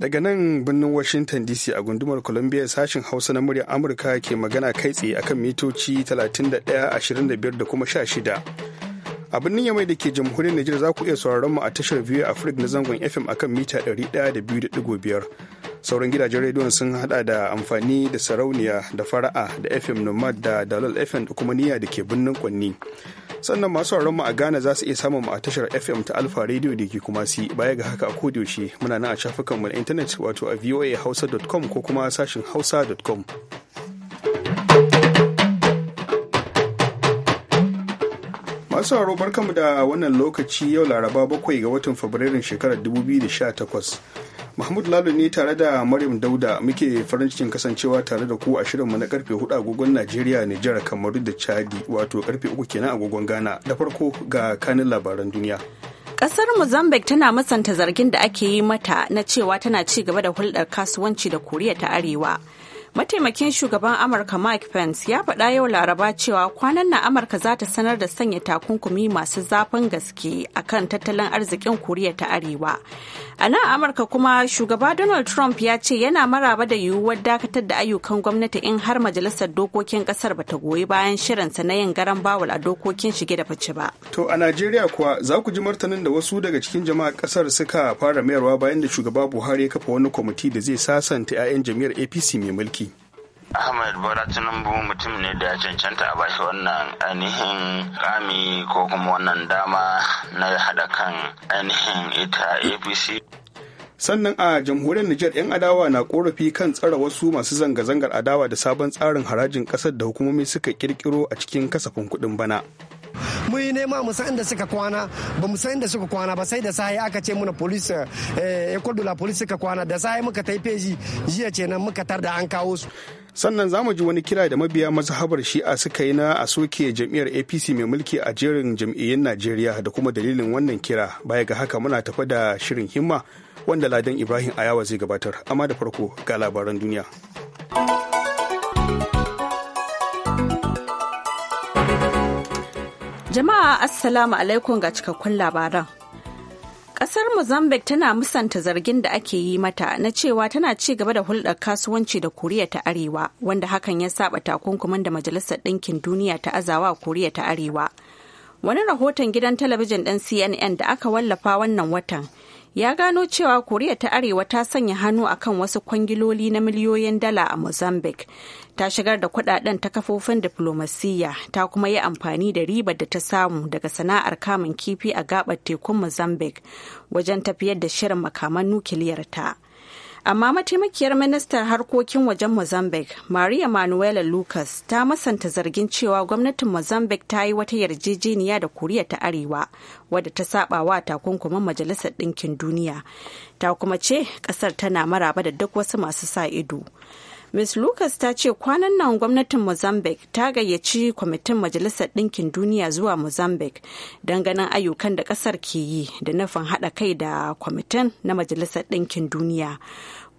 Daga nan birnin Washington DC a gundumar Columbia sashen Hausa na muryar Amurka ke magana kai tsaye akan mitoci 31, da kuma 16. A birnin Yamai da ke jamhuriyar Nijar za ku iya sauraron mu a tashar biyu a na zangon FM akan mita 102.5. Sauran gidajen rediyon sun hada da amfani da sarauniya da fara'a da FM Nomad da Dalal FM da kuma niyya da ke birnin Kwanni. sannan masu mu a Ghana za su iya samun mu a tashar FM ta Alfa Radio da ke kuma si baya ga haka a kodiyaushe muna nan a shafukan mu na intanet wato a voahausa.com ko kuma sashin hausa.com. masu haro barkamu da wannan lokaci yau laraba bakwai ga watan fabrairun shekarar 2018 Mahmud Lalo ne tare da Maryam Dauda muke farin cikin kasancewa tare da ku a shirinmu na karfe 4 agogon Najeriya, Nijar, Kamaru da Chadi wato karfe 3 kenan agogon Ghana. Da farko ga kanin labaran duniya. Kasar Mozambique tana masanta zargin da ake yi mata na cewa tana ci gaba da hulɗar kasuwanci da Koriya ta Arewa. mataimakin shugaban amurka mike pence ya faɗa yau laraba cewa kwanan na amurka za ta sanar da sanya takunkumi masu zafin gaske a kan tattalin arzikin koriya ta arewa a nan amurka kuma shugaba donald trump ya ce yana maraba da yiwuwar dakatar da ayyukan gwamnati in har majalisar dokokin kasar bata goyi bayan shirinsa na yin garan bawul a dokokin shige da fice ba to a najeriya kuwa za ku ji martanin da wasu daga cikin jama'a kasar suka fara mayarwa bayan da shugaba buhari ya kafa wani kwamiti da zai sasanta 'ya'yan jam'iyyar apc mai mulki Ahmed Bola Tinubu mutum ne da cancanta a bashi wannan ainihin kami ko kuma wannan dama na haɗa kan ainihin ita APC. Sannan a jamhuriyar Nijar 'yan adawa na korafi kan tsara wasu masu zanga-zangar adawa da sabon tsarin harajin ƙasar da hukumomi suka ƙirƙiro a cikin kasafin kuɗin bana. mun yi nema mu san inda suka kwana ba mu san inda suka kwana ba sai da sahi aka ce muna police eh, école de la police suka kwana da sahi muka tai peji jiya ce nan muka tar da an kawo su sannan zamu ji wani kira da mabiya mazhabar shi'a suka yi na a soke jam'iyyar apc mai mulki a jerin jam'iyyun najeriya da kuma dalilin wannan kira baya ga haka muna tafa da shirin himma wanda ladan ibrahim ayawa zai gabatar amma da farko ga labaran duniya Jama'a Assalamu alaikum ga cikakkun labaran. Kasar Mozambique tana musanta zargin da ake yi mata na cewa tana ci gaba da hulɗar kasuwanci da Koriya ta Arewa, wanda hakan ya saba takunkumin da Majalisar Ɗinkin Duniya ta azawa Koriya ta Arewa. Wani rahoton gidan talabijin ɗin CNN da aka wallafa wannan watan ya gano cewa koriya ta arewa ta sanya hannu akan wasu kwangiloli na miliyoyin dala a mozambique ta shigar da kudaden ta kafofin diflomasiyya ta kuma yi amfani da ribar da ta samu daga sana'ar kamun kifi a gabar tekun mozambique wajen tafiyar da shirin makaman nukiliyar ta. amma mataimakiyar ministan harkokin wajen mozambique maria manuela lucas ta masanta zargin cewa gwamnatin mozambique ta yi wata yarjejeniya da Kuriya ta arewa wadda ta saba wa takunkumin majalisar ɗinkin duniya ta kuma ce ƙasar tana maraba da duk wasu masu sa ido Ms. Lucas ta ce kwanan nan gwamnatin Mozambique ta gayyaci kwamitin Majalisar Ɗinkin Duniya zuwa Mozambique don ganin ayyukan da ƙasar ke yi da nufin haɗa kai da kwamitin na Majalisar Ɗinkin Duniya.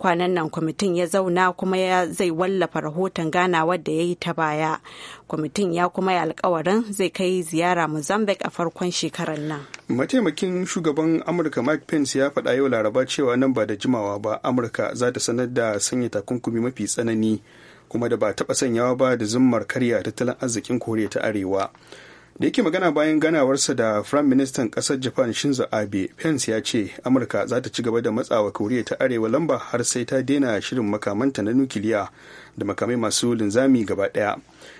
kwanan nan kwamitin ya zauna kuma ya zai wallafa rahoton ganawar da ya yi ta baya kwamitin ya kuma yi alkawarin zai kai ziyara mozambique a farkon shekarar nan mataimakin shugaban amurka mike pence ya faɗa yau laraba cewa nan ba da jimawa ba amurka za ta sanar da sanya takunkumi mafi tsanani kuma da ba taɓa sanyawa ba da zummar karya tattalin arzikin koriya ta arewa da yake magana bayan ganawarsa da firayim ministan kasar japan shinzo abe pence ya ce amurka za ta ci gaba da matsawa koriya ta arewa lamba har sai ta daina shirin makamanta na nukiliya da makamai masu linzami gaba daya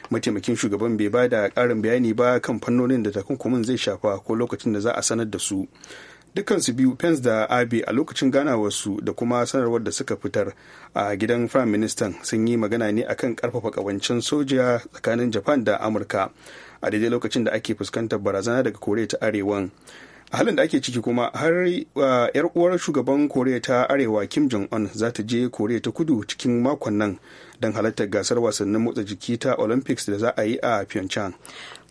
mataimakin shugaban bai ba da karin bayani ba kan fannonin da takunkumin zai shafa ko lokacin da za a sanar da su dukansu biyu pence da abe a lokacin ganawarsu da kuma sanarwar da suka fitar a gidan firayim ministan sun yi magana ne akan karfafa kawancin soja tsakanin japan da amurka a daidai lokacin da ake fuskantar barazana daga koriya ta arewan a halin da ake ciki kuma har uh, yar uwar shugaban koriya ta arewa kim jong un za ta je koriya ta kudu cikin makon nan don halartar gasar wasannin motsa jiki ta olympics da za a yi a pyeongchang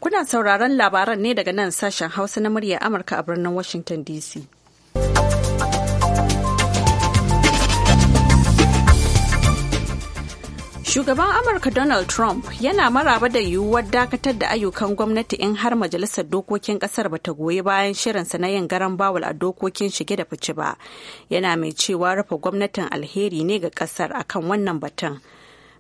kuna sauraron labaran ne daga nan sashen hausa na murya amurka a birnin washington dc Shugaban Amurka Donald Trump yana maraba da yiwuwar dakatar da ayyukan gwamnati in har majalisar dokokin kasar ba ta goyi bayan shirinsa na yin garan bawul a dokokin shige da fice ba. Yana mai cewa rufe gwamnatin alheri ne ga kasar akan wannan batun.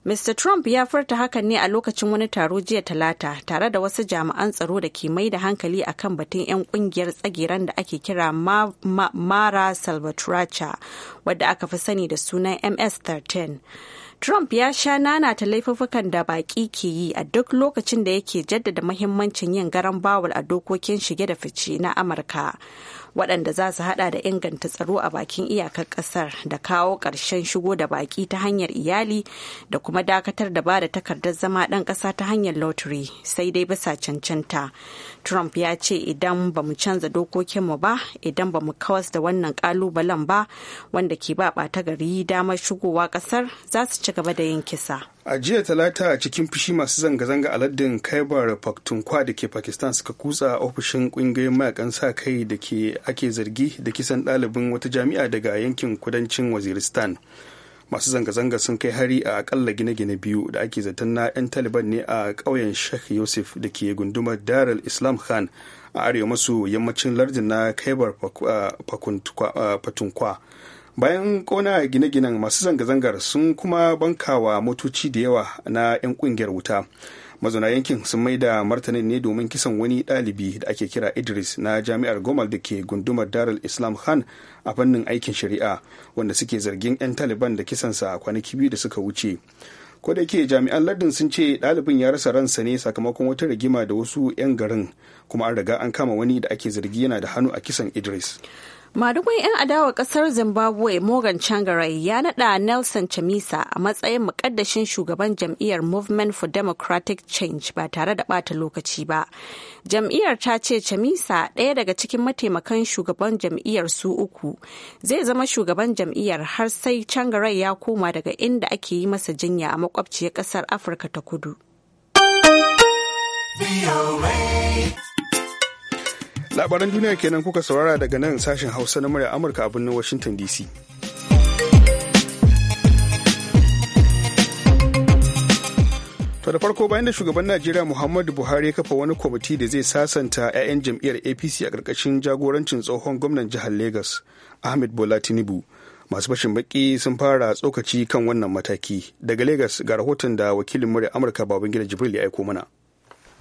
Mr. Trump ya furta hakan ne a lokacin wani taro jiya talata tare da wasu jami'an tsaro da ke mai da hankali akan batun 'yan kungiyar tsagiran da ake kira Mara Salvatrucha wadda aka fi sani da sunan MS-13. Trump ya sha nanata laifuffukan da baƙi ke yi a duk lokacin da yake jaddada mahimmancin yin garan bawul a dokokin shige da fice na Amurka. waɗanda za su hada da inganta tsaro a bakin iyakar ƙasar da kawo ƙarshen shigo da baki ta hanyar iyali da kuma dakatar da ba da takardar zama ɗan ƙasa ta hanyar lottery sai dai bisa cancanta trump ya ce idan ba mu canza dokokinmu ba idan ba mu kawas da wannan ƙalubalen ba wanda ke ba ɓata gari damar shigowa ƙasar za su ci gaba da yin kisa. a jiya talata a cikin fushi masu zanga-zanga a lardin kaibar fatunkwa da ke pakistan suka kutsa ofishin kungiyoyin mayakan sa kai da ke ake zargi da kisan ɗalibin wata jami'a daga yankin kudancin waziristan masu zanga-zanga sun kai hari a akalla gine-gine biyu da ake zaton na 'yan taliban ne a ƙauyen sheikh yusuf da ke gundumar daral islam khan a arewa maso yammacin lardin na kaibar pakhtunkhwa bayan kona gine-ginen masu zanga-zangar sun kuma bankawa motoci da yawa na 'yan kungiyar wuta mazauna yankin sun mai da martanin ne domin kisan wani ɗalibi da ake kira idris na jami'ar gomal da ke gundumar darul islam khan a fannin aikin shari'a wanda suke zargin 'yan taliban da kisansa kwanaki biyu da suka wuce ko da ke jami'an lardin sun ce ɗalibin ya rasa ransa ne sakamakon wata rigima da wasu 'yan garin kuma an riga an kama wani da ake zargi yana da hannu a kisan idris Madugun 'yan adawa kasar Zimbabwe Morgan Changarai ya nada Nelson Chamisa a matsayin mukaddashin shugaban jam'iyyar Movement for Democratic Change ba tare da bata lokaci ba. Jam'iyyar ta ce Chamisa ɗaya daga cikin mataimakan shugaban jam'iyyar su uku zai zama shugaban jam'iyyar har sai Changarai ya koma daga inda ake yi masa jinya a makwabciyar kasar Afirka ta Kudu. labaran duniya kenan kuka saurara daga nan sashen hausa na murya amurka a birnin washington dc to da farko bayan da shugaban najeriya muhammadu buhari ya kafa wani kwamiti da zai sasanta 'ya'yan jam'iyyar apc a ƙarƙashin jagorancin tsohon gwamnan jihar lagos ahmed bola tinubu masu bashin baki sun fara tsokaci kan wannan mataki daga lagos ga rahoton da wakilin murya amurka babangida jibril ya aiko mana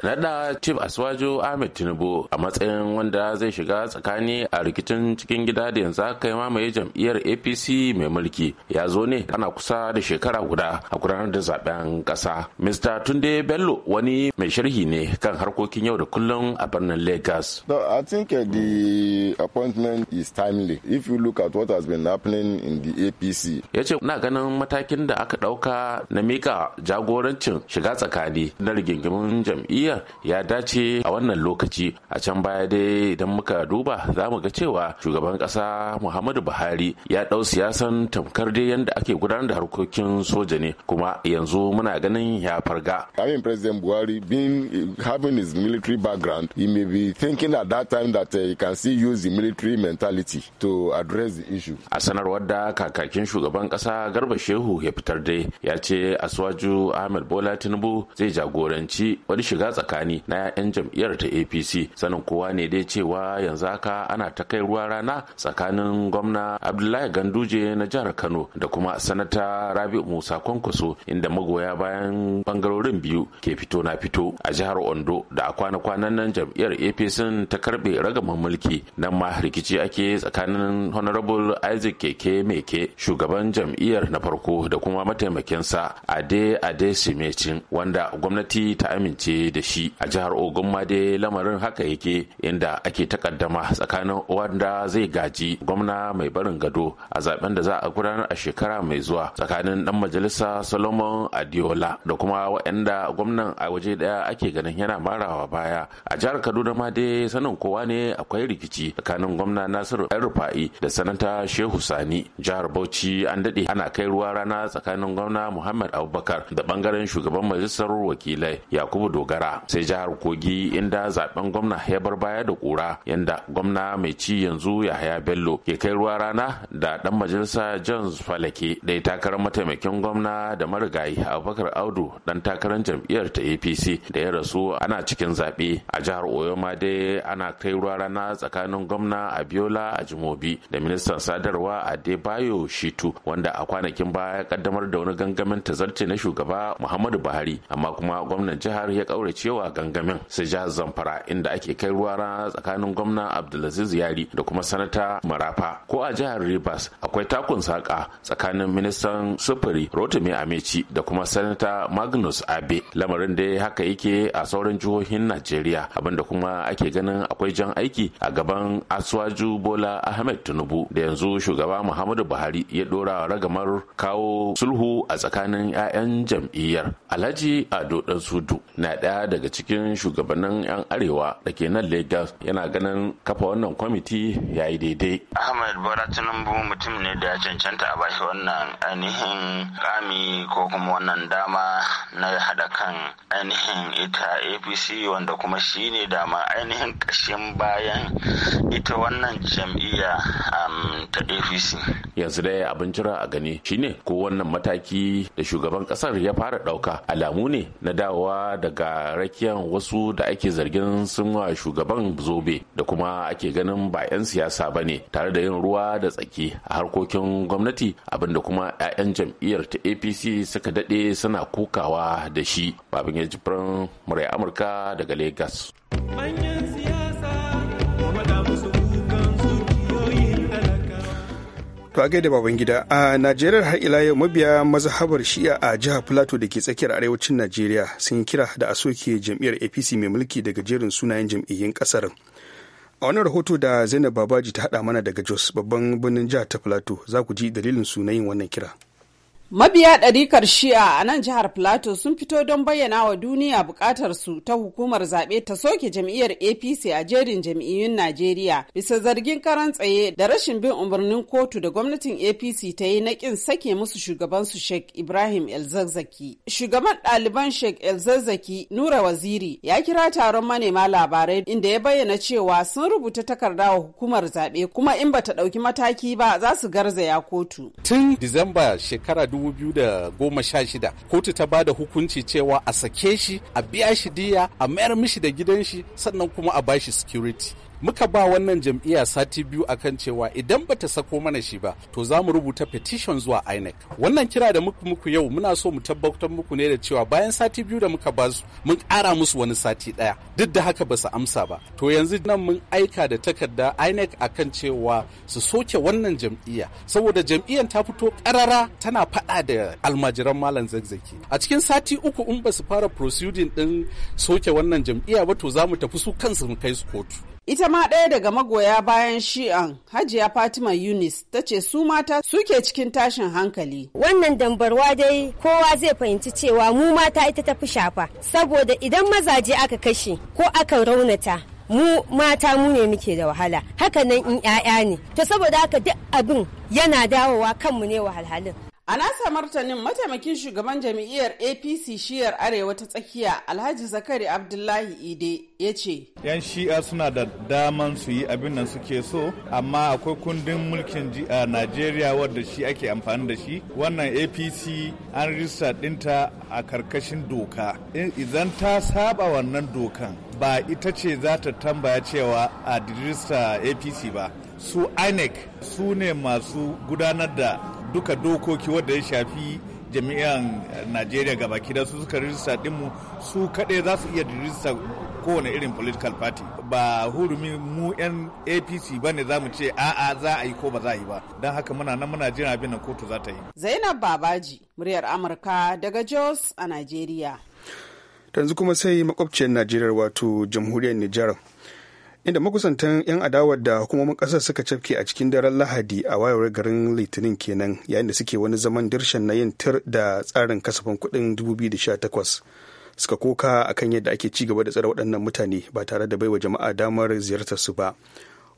naɗa chief aswajo ahmed tinubu a matsayin wanda zai shiga tsakani a rikicin cikin gida da yanzu aka yi mamaye jam'iyyar apc mai mulki ya zo ne ana kusa da shekara guda a gudanar da zaben ƙasa mr tunde bello wani mai sharhi ne kan harkokin yau da kullum a birnin lagos so i think uh, the appointment is timely if you look at what has been happening in the apc ya ce na ganin matakin da aka ɗauka na mika jagorancin shiga tsakani na rigingimin jam'iyyar jam'iyyar ya dace a wannan lokaci a can baya dai idan muka duba za mu ga cewa shugaban kasa muhammadu buhari ya ɗau siyasan tamkar dai yadda ake gudanar da harkokin soja ne kuma yanzu muna ganin ya farga having president buhari being having military background he may be thinking at that time that uh, can still use the military mentality to address the issue a sanarwar da kakakin shugaban kasa garba shehu ya fitar dai ya ce aswaju ahmed bola tinubu zai jagoranci wani shiga tsakani na 'ya'yan jam'iyyar ta apc sanin kowa ne dai cewa yanzu haka ana ta kai ruwa rana tsakanin gwamna abdullahi ganduje na jihar kano da kuma sanata Rabi'u musa kwankwaso inda magoya bayan bangarorin biyu ke fito na fito a jihar ondo da a kwana-kwanan nan jam'iyyar apc ta karbe ragaman mulki nan ma rikici ake tsakanin honorable isaac keke meke shugaban jam'iyyar na farko da kuma mataimakinsa ade ade simecin wanda gwamnati ta amince da da shi a jihar ogun ma dai lamarin haka yake inda ake takaddama tsakanin wanda zai gaji gwamna mai barin gado a zaben da za a gudanar a shekara mai zuwa tsakanin dan majalisa solomon adiola da kuma waɗanda gwamnan a waje daya ake ganin yana marawa baya a jihar kaduna ma dai sanin kowa ne akwai rikici tsakanin gwamna nasiru yan rufa'i da sanata shehu sani jihar bauchi an daɗe ana kai ruwa rana tsakanin gwamna muhammad abubakar da bangaren shugaban majalisar wakilai yakubu dogara sai jihar kogi inda zaben gwamna ya bar baya da kura yanda gwamna mai ci yanzu yahaya bello ke kai ruwa rana da dan majalisa jones falake da ya takarar mataimakin gwamna da marigayi abubakar audu dan takarar jam'iyyar ta apc da ya rasu ana cikin zaɓe a jihar oyo ma dai ana kai ruwa rana tsakanin gwamna abiola ajimobi da ministan sadarwa adebayo shitu wanda a kwanakin baya kaddamar da wani gangamin tazarce na shugaba muhammadu buhari amma kuma gwamnan jihar ya kaurace cewa gangamin su ja zamfara inda ake kai ruwa rana tsakanin gwamna abdulaziz yari da kuma sanata marafa ko a jihar rivers akwai takun saka tsakanin ministan sufuri rotimi amici da kuma sanata magnus abe lamarin da haka yake a sauran jihohin najeriya abinda kuma ake ganin akwai jan aiki a gaban aswaju bola ahmed tinubu da yanzu shugaba muhammadu buhari ya dora ragamar kawo sulhu a tsakanin 'ya'yan jam'iyyar alhaji ado dan sudu na daya daga cikin shugabannin 'yan arewa da ke nan lagos yana ganin kafa wannan kwamiti ya yi daidai ahmed bora tinubu mutum ne da ya cancanta a bashi wannan ainihin kami ko kuma wannan dama na hada kan ainihin ita apc wanda kuma shi ne dama ainihin kashin bayan ita wannan jam'iyya um, ta apc yanzu dai abin jira a gani shine ko wannan mataki da shugaban ƙasar ya fara ɗauka alamu ne na dawowa daga rakiyan wasu da ake zargin sun wa shugaban zobe da kuma ake ganin ba 'yan siyasa ba ne tare da yin ruwa da tsaki a harkokin gwamnati abinda kuma 'ya'yan jam'iyyar ta apc suka daɗe suna kukawa da shi babin ya jibrin murai amurka daga lagos To a gaida baban gida a Najeriya har ila yau mabiya mazhabar Shi'a a jihar Plateau da ke tsakiyar arewacin Najeriya sun yi kira da a soke jam'iyyar APC mai mulki daga jerin sunayen jam'iyyun kasar. A wani rahoto da Zainab Babaji ta haɗa mana daga Jos babban birnin jihar ta Plateau za ku ji dalilin sunayin wannan kira. Mabiya ɗarikar Shi'a a nan jihar Plateau sun fito don bayyana wa duniya buƙatar su ta hukumar zaɓe ta soke jam'iyyar APC a jerin jam'iyyun Najeriya bisa zargin karan tsaye da rashin bin umarnin kotu da gwamnatin APC ta yi na ƙin sake musu shugaban su Sheikh Ibrahim Elzazzaki. Shugaban ɗaliban Sheikh Elzazzaki Nura Waziri ya kira taron manema labarai inda ya bayyana cewa sun rubuta takarda wa hukumar zaɓe kuma in bata ɗauki mataki ba za su garzaya kotu. Tun Disamba shekara 2016 kotu ta bada hukunci cewa a sake shi a biya shi diya a mayar mishi da gidan shi sannan kuma a bashi security muka ba wannan jam'iyya sati biyu akan cewa idan bata sako mana shi ba to za mu rubuta petition zuwa INEC wannan kira da muku muku yau muna so mu tabbatar muku ne da cewa bayan sati biyu da muka ba su mun ƙara musu wani sati ɗaya duk da haka ba su amsa ba to yanzu nan mun aika da takarda INEC akan cewa su soke wannan jam'iyya saboda jam'iyyar ta fito ƙarara tana faɗa da almajiran malam zazzaki a cikin sati uku in ba su fara proceeding din soke wannan jam'iyya ba to za mu tafi su kansu mu kai su kotu Ita ma ɗaya daga magoya bayan shi'an Hajiya Fatima Yunis ta ce su mata suke cikin tashin hankali. Wannan dambarwa dai kowa zai fahimci cewa mu mata ita tafi shafa saboda idan mazaje aka kashe ko aka raunata mu mata mu ne muke da wahala haka nan in 'ya'ya ne to saboda haka duk abin yana dawowa kanmu ne wahalhalin A nasa martanin mataimakin shugaban jami'iyar APC shiyar Arewa ta tsakiya Alhaji Zakari Abdullahi Ide ya ce. 'Yan shi'a suna da daman su yi abin nan suke so, amma akwai kundin mulkin a Najeriya wadda shi ake amfani da shi. Wannan APC an rista ɗinta a karkashin doka. Idan ta saba wannan dokan, ba ita ce za ta tambaya cewa a dirista APC ba. Su INEC su ne masu gudanar da duka dokoki wadda ya shafi jami'an eh, najeriya ga baki da su suka rijista dinmu su kaɗai za su iya rijista kowane irin political party ba hurumi mu yan apc ba ne za mu ce a'a za a yi ko ba za a yi ba don haka muna nan muna jira abin nan kotu za ta yi zainab babaji muryar amurka daga jos a najeriya yanzu kuma sai makwabciyar najeriya wato jamhuriyar nijar inda makusantan 'yan adawar da hukumomin kasar suka cafke a cikin daren lahadi a wayewar garin litinin kenan yayin da suke wani zaman dirshan na yin tir da tsarin kasafin kuɗin 2018 suka koka akan yadda ake ci gaba da tsare waɗannan mutane ba tare da baiwa jama'a damar ziyartar su ba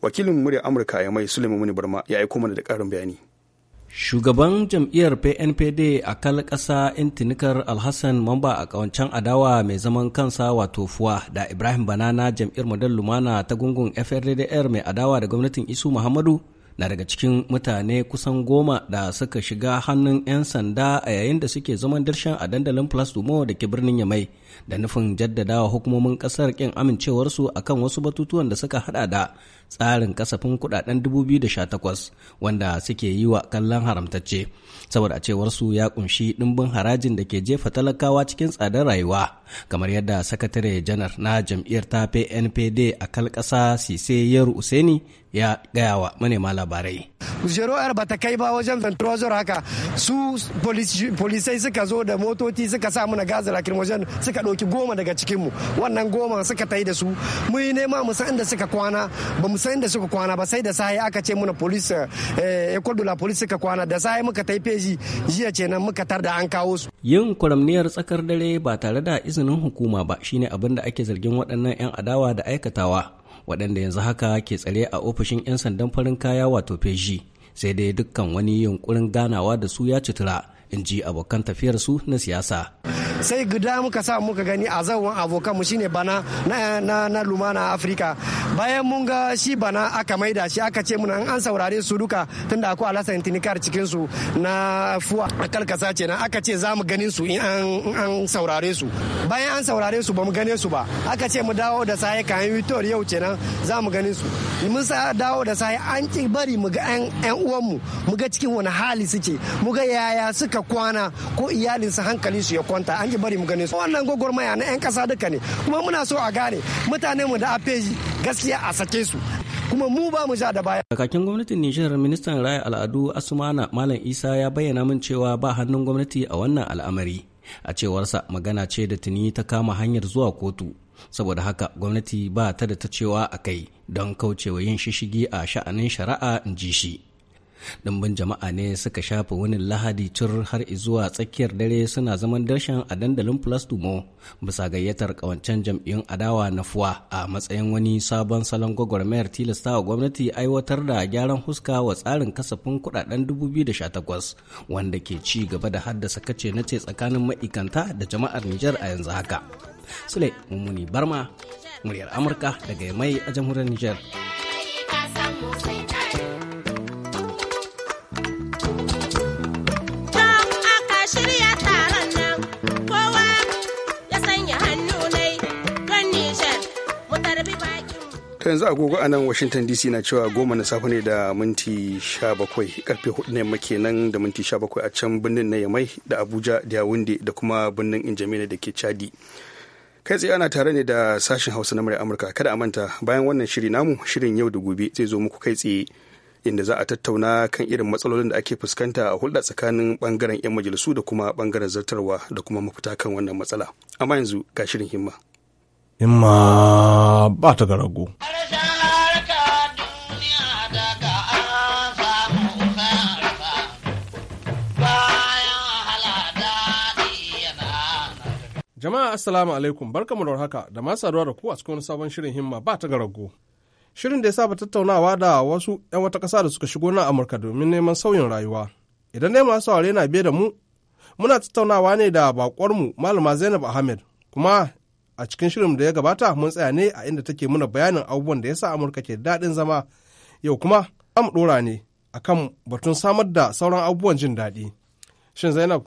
wakilin murya amurka ya mai suleiman barma ya aiko mana da ƙarin bayani Shugaban jam'iyyar PNPD a kal ƙasa intinikar Alhassan mamba a ƙawancen adawa mai zaman kansa wato fuwa da Ibrahim Banana jam'iyyar Model Lumana ta gungun FRDDR mai adawa da gwamnatin Isu Muhammadu na daga cikin mutane kusan goma da suka shiga hannun 'yan sanda a yayin da suke zaman dirshan a dandalin Plus Dumo da ke birnin Yamai da nufin jaddadawa hukumomin ƙasar kin amincewarsu akan wasu batutuwan da suka hada da tsarin kasafin kudaden 2018 wanda suke yi wa kallon haramtacce saboda cewar su ya kunshi dimbin harajin da ke jefa talakawa cikin tsadar rayuwa kamar yadda sakatare janar na jam'iyyar ta PNPD a kalkasa Sise Yeru Useni ya gaya wa manema labarai. Jero'ar ba ta kai ba wajen ventrozor haka su polisai suka zo da motoci suka sa muna gazar wajen suka ɗauki goma daga cikinmu wannan goma suka tai da su mu yi nema mu san inda suka kwana ba mu san inda suka kwana ba sai da sahi aka ce muna polis eh de polis suka kwana da sahi muka tai feji jiya ce nan muka tar da an kawo su. Yin kwaramniyar tsakar dare ba tare da izinin hukuma ba shine abin da ake zargin waɗannan 'yan adawa da aikatawa waɗanda yanzu haka ke tsare a ofishin 'yan sandan farin kaya wato feshi sai dai dukkan wani yunkurin ganawa da su ya cutura in ji abokan tafiyarsu na siyasa. sai guda muka sa muka gani a zawan abokan mu shine bana na na lumana afrika bayan mun ga shi bana aka maida shi aka ce muna an saurare su duka tunda akwai alasan tinikar cikin su na fuwa kalkasa ce na aka ce za mu ganin su in an saurare su bayan an saurare su ba mu gane su ba aka ce mu dawo da saye kayan victor yau ce za mu ganin su mun sa dawo da saye an ki bari mu ga yan uwan mu mu ga cikin wani hali suke mu ga yaya suka kwana ko iyalin su hankali su ya kwanta an ki bari mu gane su wannan gwagwarmaya na 'yan kasa duka ne kuma muna so a gane mutane mu da afeji gaskiya a sake su kuma mu ba mu sha da baya. Kakakin gwamnatin Nijar ministan raya al'adu Asumana Malam Isa ya bayyana min cewa ba hannun gwamnati a wannan al'amari. A cewarsa magana ce da tuni ta kama hanyar zuwa kotu. Saboda haka gwamnati ba ta da ta cewa a kai don kaucewa yin shishigi a sha'anin shari'a in ji shi. Dimbin jama'a ne suka shafa wani lahadi cur har zuwa tsakiyar dare suna zaman darshan a dandalin Plus Dumo bisa gayyatar kawancen jam'iyyun adawa na fuwa a matsayin wani sabon salon gwagwarmayar tilasta wa gwamnati aiwatar da gyaran huska wa tsarin kasafin kudaden 2018 wanda ke ci gaba da haddasa kace na ce tsakanin ma'ikanta da jama'ar Nijar a yanzu haka. Sule Mummuni Barma, muryar Amurka daga mai a jamhuriyar Nijar. ta yanzu agogo a nan washington dc na cewa goma na safe ne da minti 17 karfe 4 na yamma kenan da minti 17 a can birnin na yamai da abuja da yawunde da kuma birnin injamina da ke chadi kai tsaye ana tare ne da sashen hausa na murya amurka kada a manta bayan wannan shiri namu shirin yau da gobe zai zo muku kai tsaye inda za a tattauna kan irin matsalolin da ake fuskanta a hulɗa tsakanin bangaren 'yan majalisu da kuma bangaren zartarwa da kuma mafita kan wannan matsala amma yanzu ga shirin himma himma ba ta ga rago. Jama'a Assalamu alaikum barkamu da haka da masu saduwa da ku a cikin sabon shirin himma ba ta garago. Shirin da ya saba tattaunawa da wasu 'yan wata ƙasa da suka shigo na Amurka domin neman sauyin rayuwa. Idan dai masu saurare na biye da mu, muna tattaunawa ne da mu Malama Zainab Ahmed kuma a cikin shirin da ya gabata mun tsaya ne a inda take muna bayanin abubuwan da ya sa Amurka ke daɗin zama yau kuma za mu ɗora ne akan batun samar da sauran abubuwan jin daɗi. Shin Zainab,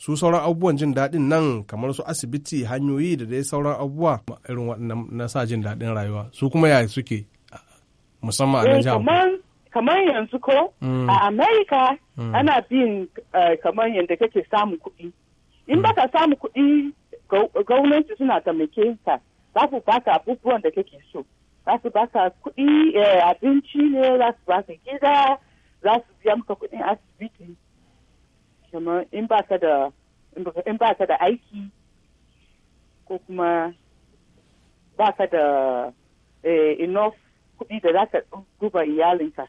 su sauran abubuwan jin daɗin nan kamar su asibiti hanyoyi da dai sauran abubuwa irin na sa jin daɗin rayuwa su kuma yaya suke musamman a nan eh, jihar kamar yanzu ko mm. a america mm. ana bin eh, kamar yadda kake samun kuɗi in mm. baka samu kuɗi gwamnati suna taimake ka za su baka abubuwan da kake so za su baka kuɗi eh, abinci ne za su baka gida za su biya maka kuɗin asibiti kamar in ba ka da in ba ka da aiki ko kuma ba ka da eh, enough kuɗi da za ka duba iyalinka.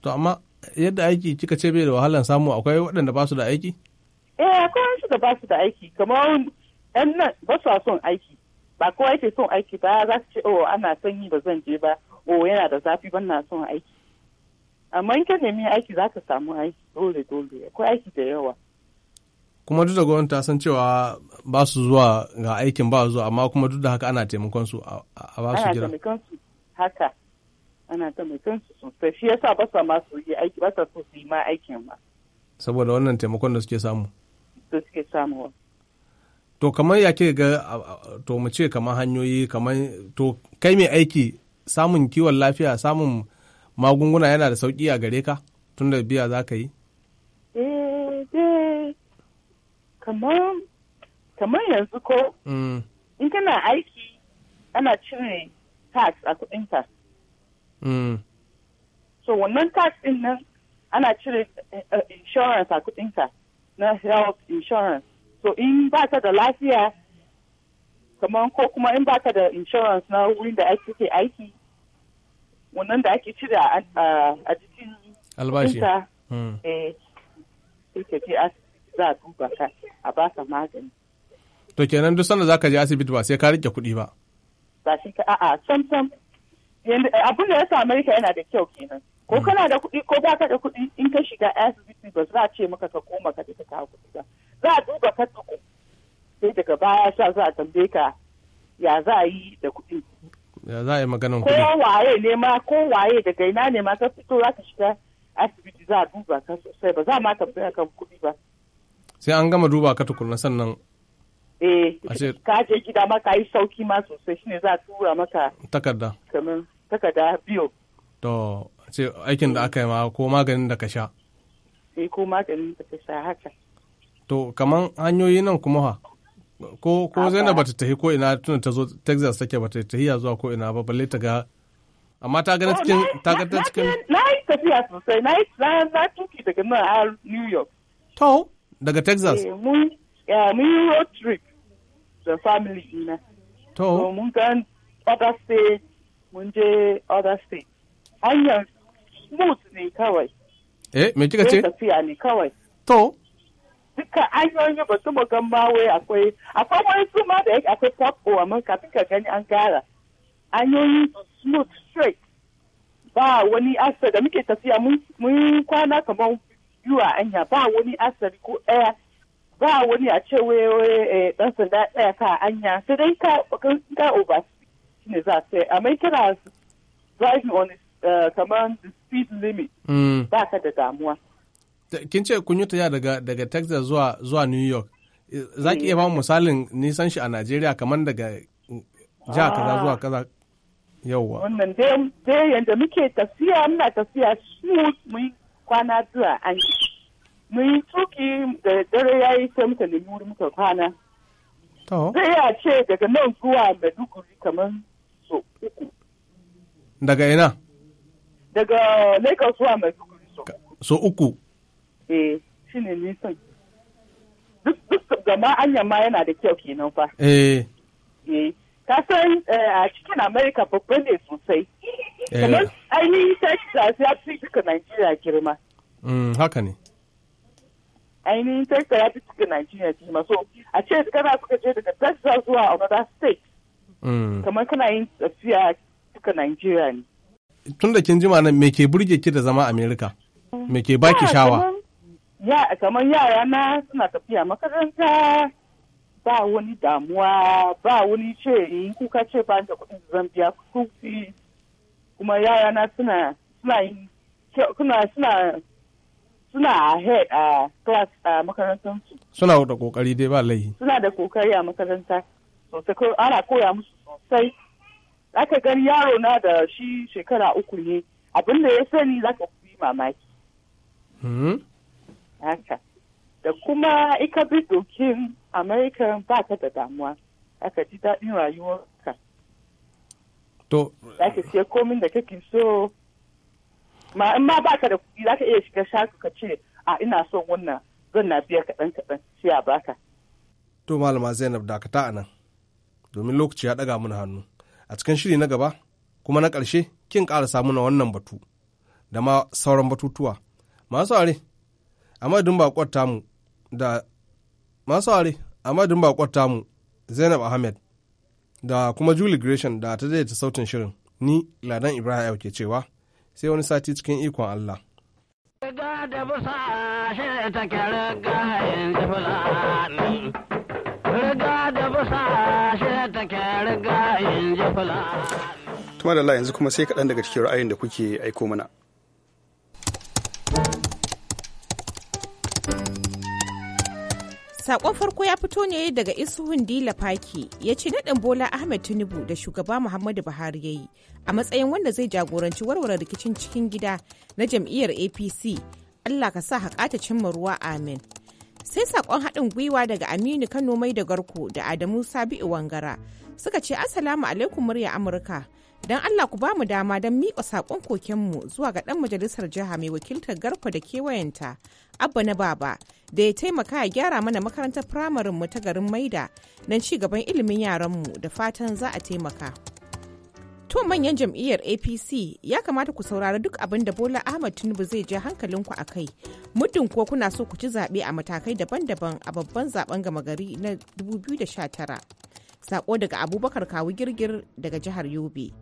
To amma yadda aiki kika ce bai da wahalan samu akwai waɗanda ba su da aiki? Eh akwai wasu da ba su da aiki kamar ɗan nan ba su son aiki ba kowa yake son aiki ba za su ce oh ana son yi ba zan je ba oh yana da zafi ban na son aiki. amma in ka nemi aiki za ka samu aiki dole dole akwai aiki da yawa kuma duk da gwamnati ta san cewa ba su zuwa ga aikin ba zuwa amma kuma duk da haka ana taimakon su a ba su gida ana taimakon su haka ana taimakon su sosai shi yasa ba sa ma su yi aiki ba sa so su yi ma aikin ba saboda wannan taimakon da suke samu da suke samu to kamar ya ke ga to mu ce kamar hanyoyi kamar to kai mai aiki samun kiwon lafiya samun magunguna yana da sauki a gare ka tun da biya za ka yi? Eh, kamar yanzu ko, mm. in kana aiki ana cire tax a kudin tax. Mm. So wannan tax din nan ana cire eh, eh, insurance a kudin na health insurance. So in ba ta da lafiya, kamar ko kuma in ba ta da insurance na wurin da ake aiki, wannan da ake cire a jikin albashi hmm. eh sai za a duba ka a ba ka magani to kenan duk sanda zaka je asibiti ba sai ka rike kuɗi ba ba shi ka a'a sam sam abin da ya sa Amerika yana da kyau kenan ko hmm. kana da kuɗi ko ba ka da kuɗi in ka shiga asibiti ba za a ce maka ka koma ka tafi kawo kuɗi ba za a duba ka tuku sai daga baya sha za a tambaye ka ya za a yi da kuɗi ya za a yi maganin kuɗi ko waye ne ma ko waye daga ina ne ma ka fito za ta shiga asibiti za a duba ka sosai ba za ma tambaya kan kuɗi ba sai an gama duba ka tukunna sannan eh ka je gida ma ka yi sauki ma sosai shine za a tura maka takarda kamar takarda biyu to ce aikin da aka yi ma ko maganin da ka sha eh ko maganin da ka sha haka to kaman hanyoyi nan kuma ha ko ko zainab bata tafi ko ina tun ta zo texas take bata tafiya zuwa ko ina ba balle ta ga amma ta ga oh, cikin ta ga ta cikin na yi tafiya sosai na yi na tuki daga nan a new york to daga texas eh, eh, mun yi road trip da family ina to mun ga other state mun je other state hanyar smooth ne kawai eh me kika ce tafiya ne kawai to duka anyoyi ba su gan bawai akwai akwai wani su ma da yake akwai pop o amma kafin ka gani an gara hanyoyi smooth straight ba wani asar da muke tafiya mun kwana kamar biyu anya ba wani asari ko ɗaya ba wani a ce wai e, dan sanda ɗaya ka anya sai dai ka ka over ne za sai amma kira driving on kamar uh, the speed limit mm. ba ka da damuwa kin ce kun yi tafiya daga daga Texas zuwa zuwa New York. Za ki iya ba mm. misalin nisan shi a Najeriya kamar daga mm, jiha kaza ah. zuwa kaza yauwa. Wannan dai yadda muke tafiya muna tafiya smooth mu yi kwana zuwa an mu yi tuki da dare ya yi sai muka nemi wuri muka kwana. Zai ya ce daga nan zuwa Maiduguri kamar so uku. Daga ina? Daga Lagos zuwa Maiduguri so uku. So uku. eh shi ne ni son duk duk gama anyan ma yana da kyau kenan fa eh eh ka san eh, a cikin america babban ne sosai eh. kamar ainihin texas ya fi duka nigeria girma mm, haka ne ainihin texas ya fi duka nigeria girma so a ce kana suka je daga texas zuwa another state mm. kamar kana yin tafiya duka nigeria ne tun da kin ji ma nan me ke burge ki da zama america me ke baki ah, shawa ya kamar yara na suna tafiya makaranta ba wani damuwa ba wani ce in kuka ce ba da kuɗin zan biya kuɗi kuma yara na suna suna suna suna suna head a class a makarantar su suna da kokari dai ba laihi suna da kokari a makaranta sosai ko ana koya musu sosai zaka gani yaro na da shi shekara uku ne abinda ya sani zaka fi mamaki hmm? haka da kuma ika bi dokin amerika ba ta da damuwa aka ji daɗin rayuwarka to za ka siya komin da kake so ma in ma baka da kuɗi za ka iya shiga shago ka ce a ina son wannan zan na biya kaɗan kaɗan sai a baka to malama zainab dakata a nan domin lokaci ya ɗaga mun hannu a cikin shiri na gaba kuma na ƙarshe kin ƙara samu na wannan batu da ma sauran batutuwa masu are a madadin bakwar mu da zainab ahmed da kuma julie gresham da ta daidaita sautin shirin ni ladan ibrahim ke cewa sai wani sati cikin ikon allah riga da busa yanzu kuma sai kaɗan daga cikin ra'ayin da kuke aiko mana Sakon farko ya fito ne daga Isuhun Dila Faki ya ce naɗin Bola Ahmed Tinubu da shugaba Muhammadu Buhari ya yi a matsayin wanda zai jagoranci warware rikicin cikin gida na jam'iyyar APC. Allah ka sa haƙata cimma ruwa amin. Sai sakon haɗin gwiwa daga Aminu Kano Mai da Garko da Adamu Sabi'u Wangara suka ce Assalamu alaikum murya Amurka. don Allah ku bamu dama don miƙa saƙon kokenmu zuwa ga ɗan majalisar jiha mai wakiltar garko da kewayenta abba na baba da ya taimaka ya gyara mana makarantar firamarin mu ta garin maida don ci gaban ilimin yaran mu da fatan za a taimaka. To manyan jam'iyyar APC ya kamata ku saurari duk abin da Bola Ahmad Tinubu zai je hankalinku a kai. Muddin ko kuna so ku ci zaɓe a matakai daban-daban a babban zaben gama gari na 2019. Sako daga Abubakar Kawu Girgir daga jihar Yobe.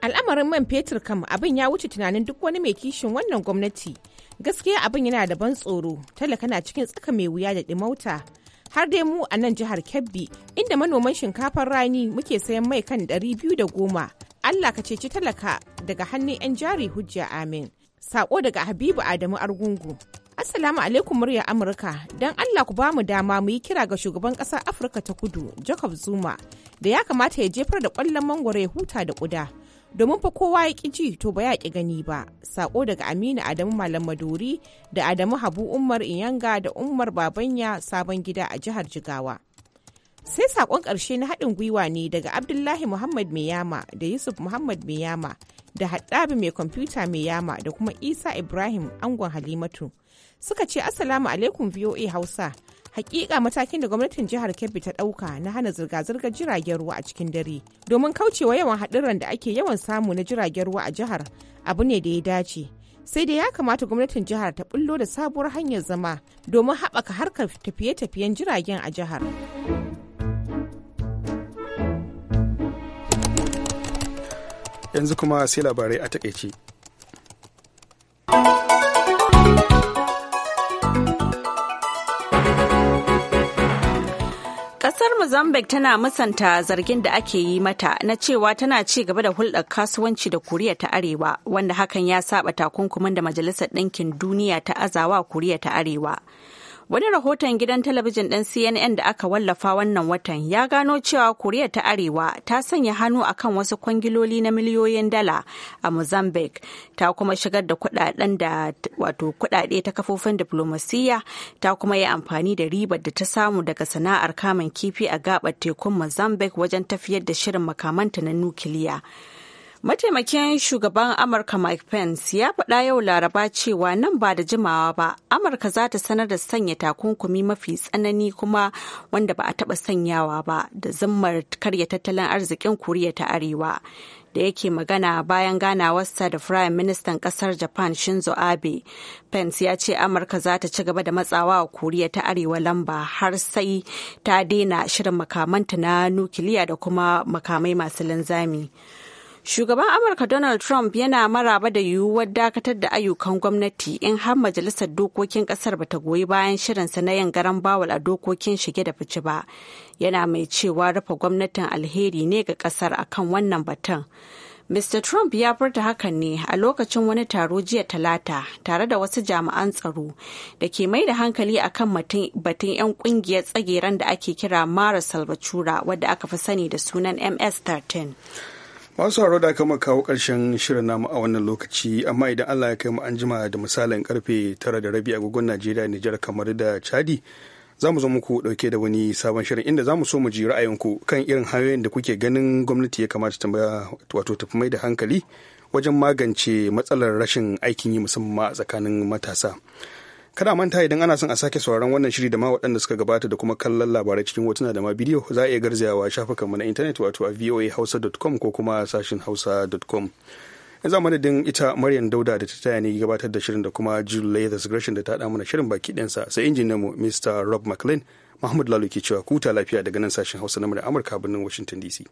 Al'amarin man fetur kam abin ya wuce tunanin duk wani mai kishin wannan gwamnati. Gaskiya abin yana da ban tsoro, talaka na cikin tsaka mai wuya da ɗimauta. Har dai mu a nan jihar Kebbi, inda manoman shinkafar rani muke sayan mai kan ɗari biyu da goma. Allah ka ceci talaka daga hannun 'yan jari hujja amin. Sako daga Habibu Adamu Argungu. Assalamu alaikum murya Amurka, don Allah ku bamu dama mu yi kira ga shugaban ƙasar Afirka ta kudu, Jacob Zuma, da ya kamata ya jefar da kwallon mangwaro ya huta da ƙuda. domin fa kowa ya ji to ba ya ki gani ba sako daga aminu adamu malam maduri da adamu habu umar inyanga da umar babanya sabon gida a jihar jigawa sai sakon ƙarshe na haɗin gwiwa ne daga abdullahi muhammad miyama da yusuf muhammad miyama da haɗabi mai kwamfuta miyama da kuma isa ibrahim angon halimatu suka ce assalamu alaikum voa hausa hakika matakin da gwamnatin jihar kebbi ta dauka na hana zirga-zirgar jiragen ruwa a cikin dare domin kaucewa yawan haɗurran da ake yawan samu na jiragen ruwa a jihar abu ne da ya dace sai da ya kamata gwamnatin jihar ta bullo da sabuwar hanyar zama domin haɓaka harkar tafiye-tafiyen jiragen a jihar yanzu kuma sai labarai a takaice Mozambique tana musanta zargin da ake yi mata na cewa tana ci gaba da hulɗar kasuwanci da Koriya ta Arewa, wanda hakan ya saba takunkumin da Majalisar Ɗinkin Duniya ta azawa Koriya ta Arewa. Wani rahoton gidan talabijin ɗin CNN da aka wallafa wannan watan ya gano cewa Koriya ta Arewa ta sanya hannu a kan wasu kwangiloli na miliyoyin dala a Mozambique ta kuma shigar da kudaden da wato kudade ta kafofin diplomasiyya ta kuma yi amfani da ribar da ta samu daga sana'ar kamun kifi a gabar tekun Mozambique wajen tafiyar da shirin makamanta na nukiliya. Mataimakin shugaban Amurka Mike Pence ya faɗa yau Laraba cewa nan ba da jimawa ba, Amurka za ta sanar da sanya takunkumi mafi tsanani kuma wanda ba a taɓa sanyawa ba da zimmar karya tattalin arzikin Koriya ta Arewa. da yake magana bayan ganawarsa da firayim ministan kasar japan shinzo abe pence ya ce amurka za ta ci gaba da matsawa a koriya ta arewa lamba har sai ta daina shirin makamanta na nukiliya da kuma makamai masu linzami. Shugaban Amurka Donald Trump yana maraba da yiwuwar dakatar da ayyukan gwamnati in har majalisar dokokin kasar bata goyi bayan shirinsa na yin garan bawal a dokokin shige da fice ba. Yana mai cewa rufe gwamnatin alheri ne ga kasar akan wannan batun. Mr. Trump ya furta hakan ne a lokacin wani taro jiya talata tare da wasu jami'an tsaro da ke mai da hankali a kan batun 'yan kungiyar tsageren da ake kira Mara Salvatura wadda aka fi sani da sunan MS-13. masu haro da aka kawo karshen shirin namu a wannan lokaci amma idan allah ya kai mu an jima da misalin karfe tara da rabi agogon najeriya nijar kamar da chadi za mu zo muku dauke da wani sabon shirin inda za mu so mu ji ra'ayinku kan irin hanyoyin da kuke ganin gwamnati ya kamata tambaya wato tafi mai da hankali wajen magance matsalar rashin aikin yi musamman a tsakanin matasa kada manta idan ana son a sake sauraron wannan shiri da ma waɗanda suka gabata da kuma kallon labarai cikin hotuna da ma bidiyo za a iya garzayawa shafukanmu na intanet wato a voahausa.com ko kuma sashin hausa.com yanzu a madadin ita maryam dauda da ta taya ne gabatar da shirin da kuma julie the gresham da ta haɗa mana shirin baki ɗinsa sai namu mr rob mclean mahmud lalu ke cewa kuta lafiya daga nan sashin hausa na amurka birnin washington dc